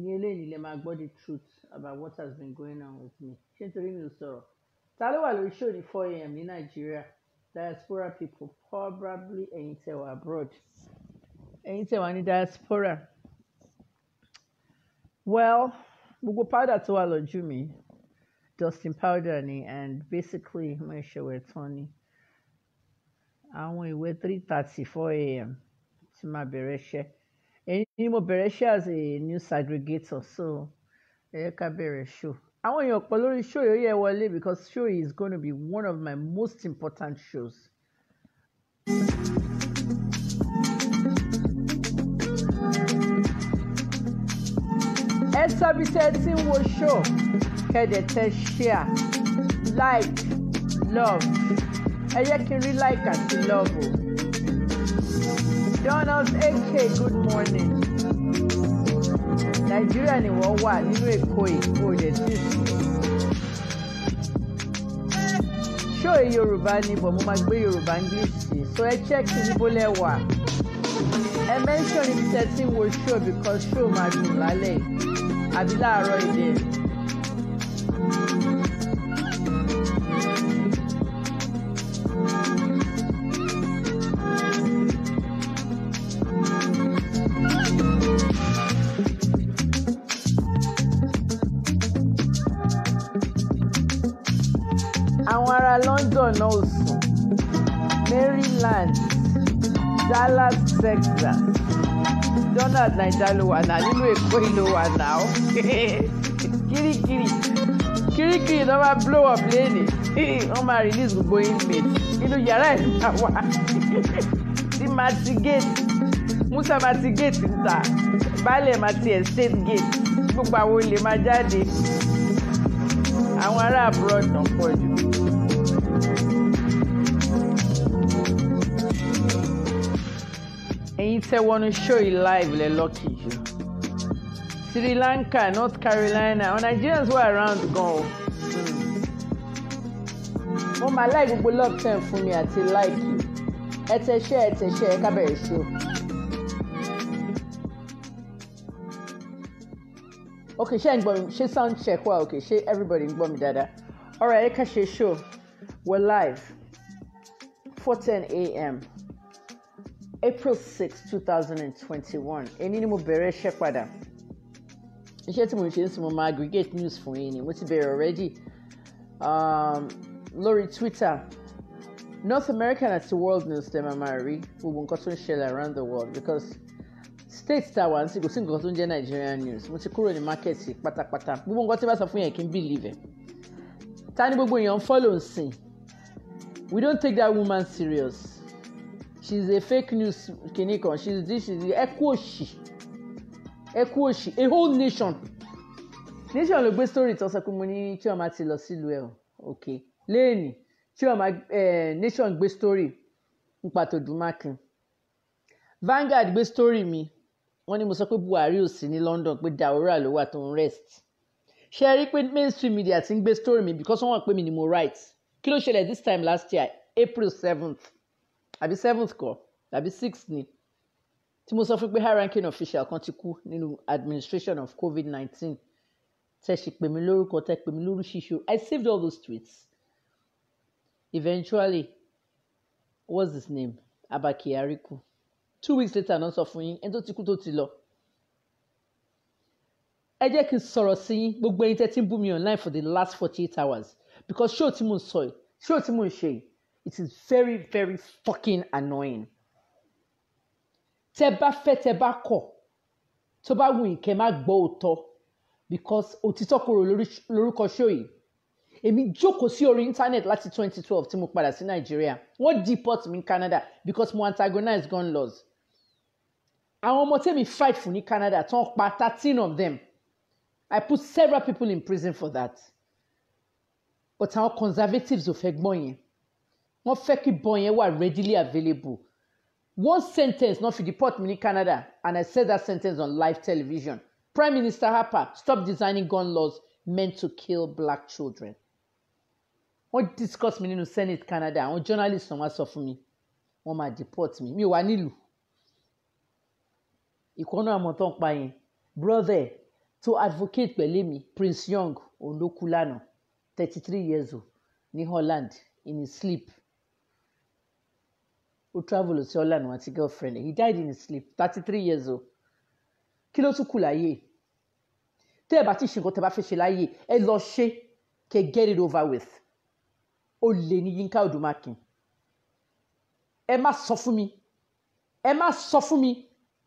ní eléyìí lè máa gbọ́ the truth about what has been going on with me ṣé nítorí mi ò sọ̀rọ̀ ta ló wà lórí show ní four a.m. ní nàìjíríà diaspora people probably ẹ̀yin tẹ́ wà abroad ẹ̀yin tẹ́ wà ní diaspora well gbogbo powder tó wà lójú mi Dustin, powder ni and basically mo ṣe wẹ̀ tán ni àwọn ìwé three thirty four a.m. tí máa bẹ̀rẹ̀ ṣẹ́ Ẹ̀yin ni mo bẹ̀rẹ̀ iṣẹ́ as a news aggregator so ẹ yẹ ká bẹ̀rẹ̀ show. Àwọn èèyàn pọ̀ lórí show yìí ó yẹ wọlé because show is going to be one of my most important shows. Ẹ sọ bí ẹ ti ń wo show kẹ́dẹ̀ tẹ́ share like love ẹ yẹ kí n rí like àti love o. Donald AK. good morning. Nàìjíríà ni wọ́n wà nínú Èkó yìí, o dẹ̀ tí ì sùn. Yorùbá ni bọ̀ mo máa gbé Yorùbá English sí, so ẹ check níbo lẹ wà. Ẹ mention ibi tẹ́tí wo show because show máa dùn lálẹ́ àbí láàárọ̀ ìdẹ́rù. London náà ò sùn Maryland Dallas Texas Donald naija ló wà náà nínú Èkó yìí ló wà náà Kirikiri Kirikiri náà máa blow up léèlè wọ́n máa release gbogbo inmate inú yàrá ẹ̀ náà wà sí mati gate Musa mati gate ń ta baálẹ̀ mati estate gate gbogbo àwọn olè máa jáde àwọn ará abroad náà pọ̀ jù. ẹ̀yin tẹ́ wọnú show yìí live lẹ́ lọ́kì jù Sri Lanka North Carolina àwọn Nigerians wà around gan o mo hmm. máa láì gbogbo love ten fún mi àti like ẹ tẹ ṣe ẹ tẹ ṣe ẹ kábẹ̀rẹ̀ ṣe o. ok ṣé ń gbọ́ mi ṣé sound check wa Okay, ṣé everybody ń gbọ́ mi dáadáa right, ẹ ká ṣe show we're live four ten a.m. April 6, 2021 èyí ni mo bẹ̀rẹ̀ iṣẹ́ padà iṣẹ́ tí mo ń ṣe ń sìn mo máa aggregate news fún yín ni mo ti bẹ̀rẹ̀ already um, lórí Twitter North American àti world news tẹ́ máa máa rí gbogbo nǹkan tó ń ṣẹlẹ̀ around the world because state tá a wà sí kò sí nǹkan tó ń jẹ́ Nigerian news mo ti kúrò ní market pátápátá gbogbo nǹkan tí bá sọ fún yẹn kí n believe ẹ̀ ta ni gbogbo èèyàn ń follow ń we don't take that woman serious she's a fake news kìíní kan she's this is ẹ kú òṣì ẹ a whole nation nation ló gbé story tó sọ pé mo ní Chioma ti lọ sílùú ẹ o ok lẹ́ẹ̀ni Chioma nation gbé story nípa Tòdúmákin Vanguard gbé story mi wọ́n ní mo sọ pé Buhari ò sí ní London pé Daura ló wà tó ń rest ṣe rí pé mainstream media ti ń gbé story mi because wọ́n wọ́n pé mi ni mo write kí ló ṣẹlẹ̀ this time last year April 7th àbí seventh kọ́ àbí sixth ni tí mo sọ fún pé high ranking official kan ti kú nínú administration of covid nineteen tẹ́ ṣe pè mí lórúkọ tẹ́ pè mí lórí ṣíṣó I saved all those tweets eventually what's his name Abba Kyari kú two weeks later náà sọ fún yín ẹni tó ti kú tó ti lọ ẹ jẹ́ kí n sọ̀rọ̀ sí yín gbogbo ẹ̀yin tẹ́ ń bú mi online for the last forty eight hours because ṣóò tí mò ń sọ yìí ṣóò tí mò ń ṣe yìí it is very very fucking annoying tẹ bá fẹ́ tẹ bá kọ̀ tó bá wù yín kẹ́ má gbọ́ òótọ́ because òtítọ́ korò lórúkọ ṣó yìí èmi jókòó sí orí internet láti 2012 tí mo padà sí Nàìjíríà wọ́n deport mi ní Canada because mo antagonize gun laws àwọn ọmọ tẹ́mi fight fún ní Canada tán pa thirteen of them I put several people in prison for that but àwọn conservatives ò fẹ́ gbọ́ yẹn wọ́n fẹ́ kí bọ́n yẹn wà readily available one sentence not fi deport me ní Canada and I said that sentence on live television Prime Minister Harper stop designing gun laws meant to kill black children wọ́n discuss mi nínú Senate Canada àwọn journalist wọ́n sọ fún mi wọ́n máa deport mi mi ò wá nílùú ìkọ́nà àmọ́ pa yẹn brother to advocate pẹ̀lú mi Prince Young òun ló thirty three years old ní Holland in his sleep ó travel sí ọ̀lànà his girlfriend he died in his sleep 33 years old kí ló tún kù láyé tẹ́ ẹ̀ bá ti ṣe nǹkan tẹ́ bá fẹ́ ṣe láyé ẹ lọ ṣe kẹ́ get it over with ó lè ní Yínká Odùmákin ẹ má sọ fún mi ẹ má sọ fún mi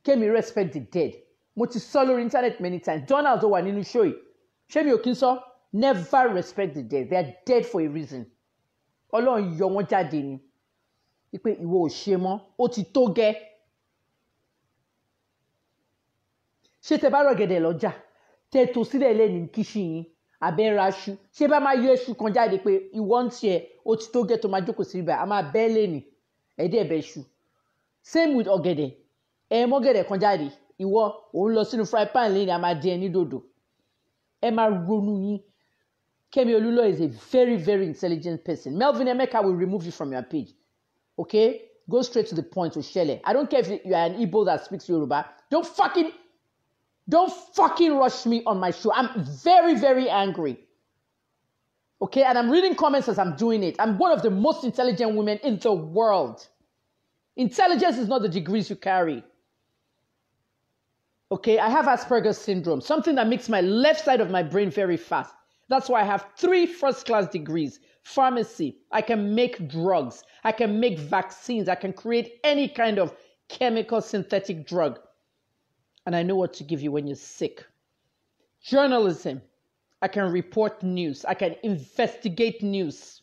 kémi respect the dead mo ti sọ lórí internet many times Donald ó wà nínú show yìí ṣé mi ò kí n sọ never respect the dead they are dead for a reason ọlọ́run yọ wọ́n jáde ni wípé ìwọ ò ṣe mọ́ ó ti tó gẹ́ ṣé tẹ bá rọ̀gẹ̀dẹ̀ lọ́jà tẹ tó sílẹ̀ lẹ́nu kíṣì yín abẹ́ra aṣu ṣé bá máa yọ iṣu kan jáde pé ìwọ ń tiẹ̀ ó ti tó gẹ́ tó máa jókòó sí ibà á máa bẹ́ lẹ́nu ẹ̀dẹ́ ẹ̀bẹ̀ iṣu same with ọ̀gẹ̀dẹ̀ ẹ̀ mọ́gẹ̀dẹ̀ kan jáde ìwọ òun lọ sínú fry pan lẹ́nu a máa di ẹni dòdò ẹ máa ronú yín Kemi Olunloyo is a very very intelligent person Melvin Emeka will remove you from your page Okay? Go straight to the point, with Shelley. I don't care if you are an Igbo that speaks Yoruba. Don't fucking, don't fucking rush me on my show. I'm very, very angry. Okay? And I'm reading comments as I'm doing it. I'm one of the most intelligent women in the world. Intelligence is not the degrees you carry. Okay, I have Asperger's syndrome, something that makes my left side of my brain very fast. That's why I have three first class degrees pharmacy. I can make drugs. I can make vaccines. I can create any kind of chemical synthetic drug. And I know what to give you when you're sick. Journalism. I can report news. I can investigate news.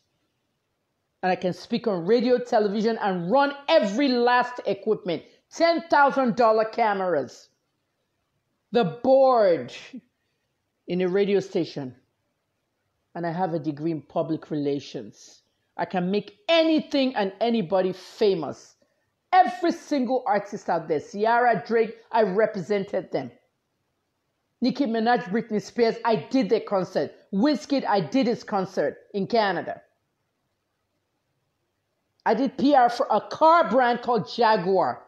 And I can speak on radio, television, and run every last equipment $10,000 cameras. The board in a radio station and I have a degree in public relations. I can make anything and anybody famous. Every single artist out there, Ciara, Drake, I represented them. Nicki Minaj, Britney Spears, I did their concert. Wizkid, I did his concert in Canada. I did PR for a car brand called Jaguar.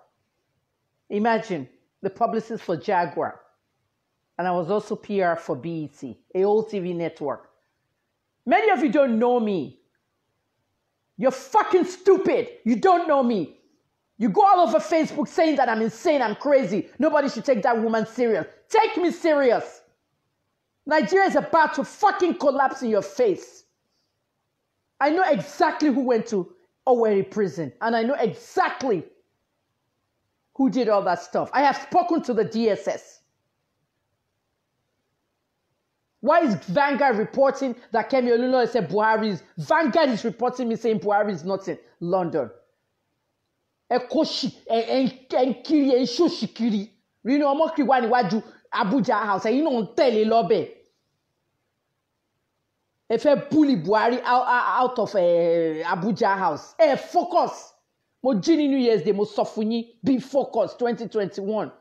Imagine the publicist for Jaguar. And I was also PR for BET, a old TV network. Many of you don't know me. You're fucking stupid. You don't know me. You go all over Facebook saying that I'm insane, I'm crazy. Nobody should take that woman serious. Take me serious. Nigeria is about to fucking collapse in your face. I know exactly who went to Owerri prison, and I know exactly who did all that stuff. I have spoken to the DSS. Why is Vanguard reporting that Kemi Olunloyo said Buhari is? Vanguard is reporting me saying Buhari is not in London. Ẹ kó ṣì ẹ ń kiri ẹ ń ṣòṣì kiri. Rínú ọmọ kiri wà níwájú Abuja house ẹ̀yin náà ń tẹ̀lé lọ́bẹ̀. Ẹ fẹ́ bully Buhari out of eh, Abuja house. Ẹ focus. Mo jí ní New Year's Day mo sọ fún yín be focus twenty twenty one.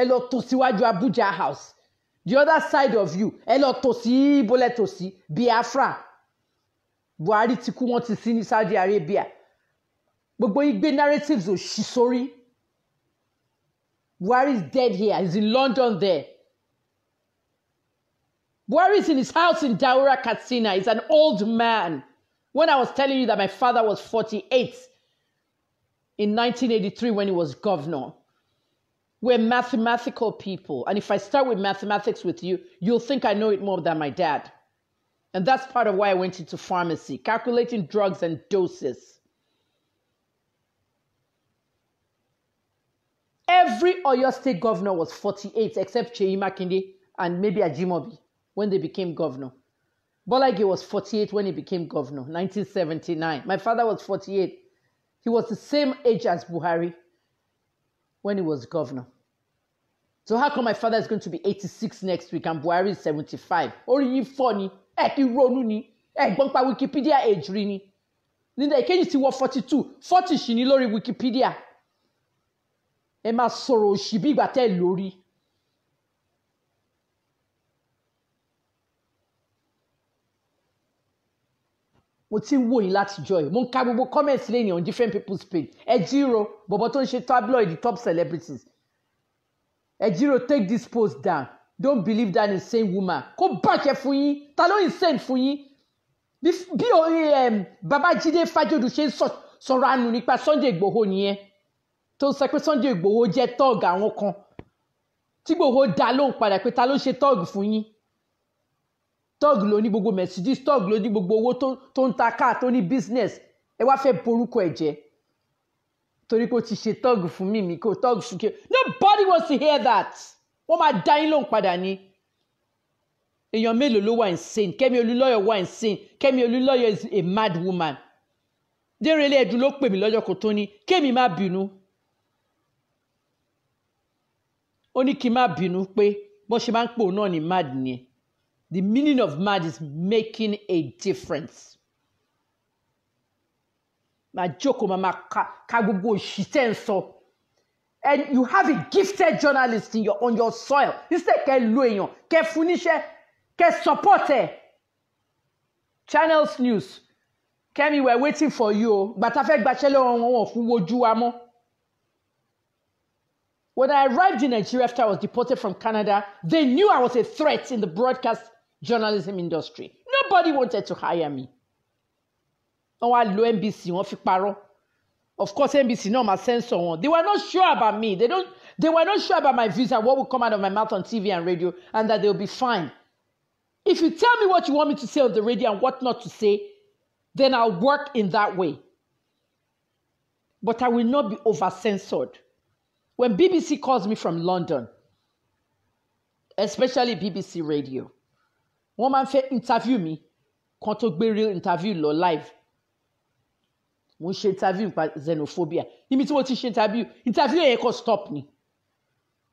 Ẹ lọ tó Abuja house the other side of you ẹ lọ tò sí ibolẹ̀ tò sí Biafra Buhari ti kú wọ́n ti sí ní Saudi Arabia gbogbo yìí gbé narratives ò ṣì sórí Buhari is dead here he is in London there. Buhari is in his house in Daura, Katsina. He's an old man. When I was telling you that my father was forty-eight in nineteen eighty-three when he was governor, We're mathematical people. And if I start with mathematics with you, you'll think I know it more than my dad. And that's part of why I went into pharmacy, calculating drugs and doses. Every Oyo State governor was 48, except Chei Makinde and maybe Ajimobi when they became governor. Bolage was 48 when he became governor, 1979. My father was 48. He was the same age as Buhari. when he was governor. So how come my father is going to be 86 next week and Buhari is 75? Orí yín fọ́ ni, ẹ kì í ronú ni, Wikipedia age rí Ninda ekeji ìkejì ti wọ 42, 40 sì ni Wikipedia. Ẹ máa shibi òṣì bí ìgbà mo ti ń wò yín láti jọ yìí mo ń ka gbogbo comments lẹ́yìn on different people's page ẹ jírò bọ̀bọ̀ tó ń ṣe tabloid top celebrities ẹ jírò take this post down don't believe that insane woman kó bàjẹ́ fún yín ta ló insane fún yín bí Babájídé Fájòdù ṣe ń sọ̀rọ̀ àánú nípa Sunday Ìgbòho nìyẹn tó ń sọ pé Sunday Ìgbòho jẹ́ tọ́ọ̀gì àwọn kan tí Ìgbòho dá lóhùn padà pé ta ló ṣe tọ́ọ̀gì fún yín tọ́ọ̀gì ló ní gbogbo mẹ̀sídíì tọ́ọ̀gì ló ní gbogbo owó tó ń ta káà tó ní business ẹ wá fẹ́ borúkọ ẹ̀ jẹ́ torí pé ó ti ṣe tọ́ọ̀gì fún mímí kó tọ́ọ̀gì ṣùkẹ́ nobody wants to hear that wọ́n máa dá yín lóhùn padà ni èèyàn mélòó ló wà insane kẹ́mi olúlọ́yọ̀ wà insane kẹ́mi olúlọ́yọ̀ is a mad woman dérèlé ẹ̀dùn ló pè mí lọ́jọ́ kò tó ní kémi má bínú ó ní kí n má bínú pé bó ṣe máa ń pò náà ní mad nìyẹn The meaning of mad is making a difference. Màá jókòó màá máa ka gbogbo òṣìṣẹ́ ń sọ. And you have a gifted journalist in your, on your soil. Instead kẹ́ lo èèyàn kẹ́ fún níṣẹ́ kẹ́ support ẹ̀. Channels News Kemi, we're waiting for you o. Gbàtà fẹ́ gbaṣẹ́ lọ́wọ́ wọn wọ̀n fún wojú wa mọ́. When I arrived in Nigeria after I was deported from Canada, they knew I was a threat in the broadcast journalism industry nobody wanted to hire me wọ́n wá lo NBC of course NBC no my sense they were not sure about me they don't they were not sure about my views and what would come out of my mouth on TV and radio and that they will be fine if you tell me what you want me to say on the radio and what not to say then I'll work in that way but I will not be over censored when BBC calls me from London especially BBC radio wọ́n máa ń fẹ́ interview mi kan tó gbé real interview lọ live mo ń ṣe interview nípa xenophobia níbi tí mo ti ṣe interview interview yẹn kò stop ni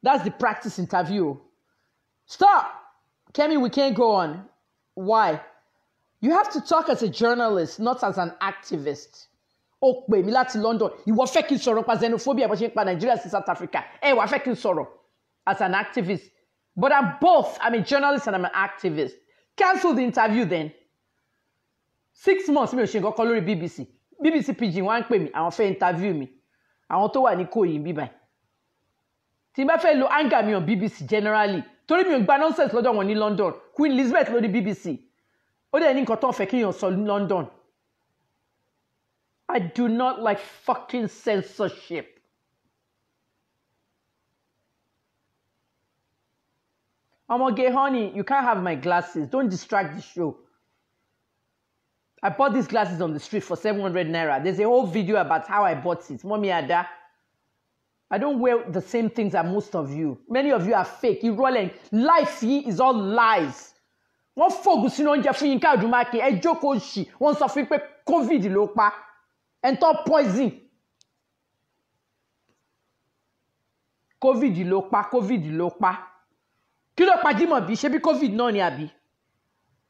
that's the practice interview o stop Kemi we can't go on why you have to talk as a journalist not as an activist ó pè mí láti London ìwọ fẹ́ kí n sọ̀rọ̀ xenophobia bó ṣe ń pa Nigeria sí South Africa ẹ we fẹ́ kí n sọ̀rọ̀ as an activist but I'm both I'm a journalist and I'm an activist cancel the interview then six months mi ò ṣe nǹkan kan lórí BBC BBC pidgin wá ń pè mí àwọn fẹ́ interview mi àwọn tó wà ní kòyìn bíbá ẹ̀ tí n bá fẹ́ lo anger mi on BBC generally torí mi ò gba nonsense lọ́dọ̀ wọn ní London Queen Elizabeth ló ní BBC ó dẹ̀ ní nǹkan tó ń fẹ́ kéèyàn sọ London I do not like fucking censorship. Omoge, honey, you can't have my glasses. Don't distract the show. I bought these glasses on the street for 700 naira. There's a whole video about how I bought it. Mommy Ada. I don't wear the same things as most of you. Many of you are fake. You rolling life yìí is all lies. Wọ́n fògùn sínú oúnjẹ fún Yinka Odùmákin. Ẹ jókòó ṣì. Wọ́n sọ fún pé COVID ló pa. Ẹ tọ́ poison. COVID ló pa. COVID ló pa kí ló pa Jímọ̀bí ṣé bí covid náà ni àbí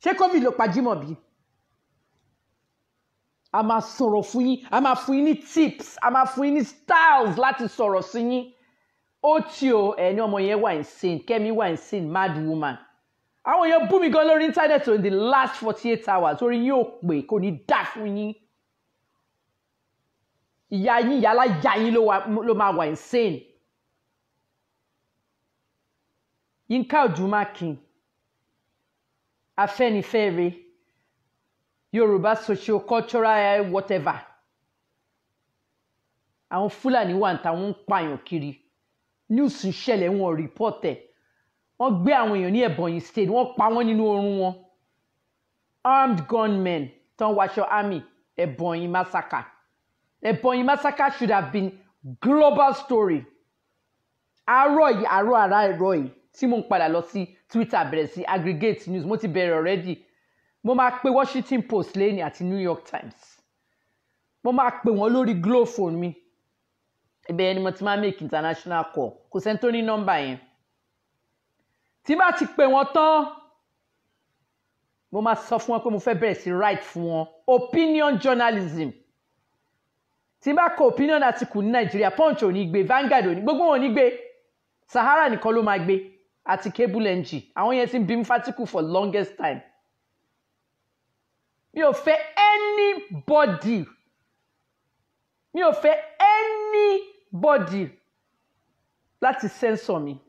ṣé covid ló pa Jímọ̀bí a máa sọ̀rọ̀ fún yín a máa fún yín ní tips a máa fún yín ní styles láti sọ̀rọ̀ sí yín ó tí o ẹni ọmọ yẹn wà insane Kẹ́mi wà insane mad woman àwọn èèyàn bú mi gan lórí íńtánẹ́ẹ̀tì in the last forty eight hours orí yóò pè kò ní dà fún yín ìyá yín ìyá alájà yín ló máa wà insane Yínká Ojúmọ́ Akin Afẹ́nifẹ́re Yorùbá socio cultural eh, whatever àwọn Fúlàní wà ní tàwọn ń pààyàn kiri news ń ṣẹlẹ̀ wọn rìpọ́tẹ̀ wọ́n gbé àwọn èèyàn ní Ebonyi state wọ́n pa wọ́n nínú oorun wọn armed gunmen tán wáṣọ army Ebonyi massacre Ebonyi massacre should have been global story àárọ̀ yìí àárọ̀ àrá ẹ̀rọ yìí tí mo ń padà lọ sí Twitter bẹ̀rẹ̀ sí aggregate news mo ti bẹ̀rẹ̀ already mo máa pe Washington Post lẹ́yìn àti New York Times mo máa pe wọ́n lórí glowphone mi ibẹ̀ yẹn ni mo ti máa make international call kò sẹ́ni tó ní nọ́mbà yẹn tí bá ti pè wọ́n tán mo máa sọ fún wọn pé mo fẹ́ bẹ̀rẹ̀ sí write fún wọn opinion journalism tí bá kọ opinion article ní Nàìjíríà Punch ò ní gbé Vanguard ò ní gbogbo wọn ò ní gbé Sahara nìkan ló máa gbé àti cable ng àwọn yẹn ti ń bí fatiku for longest time mi ò fẹ́ anybody mi ò fẹ́ anybody láti censor mi.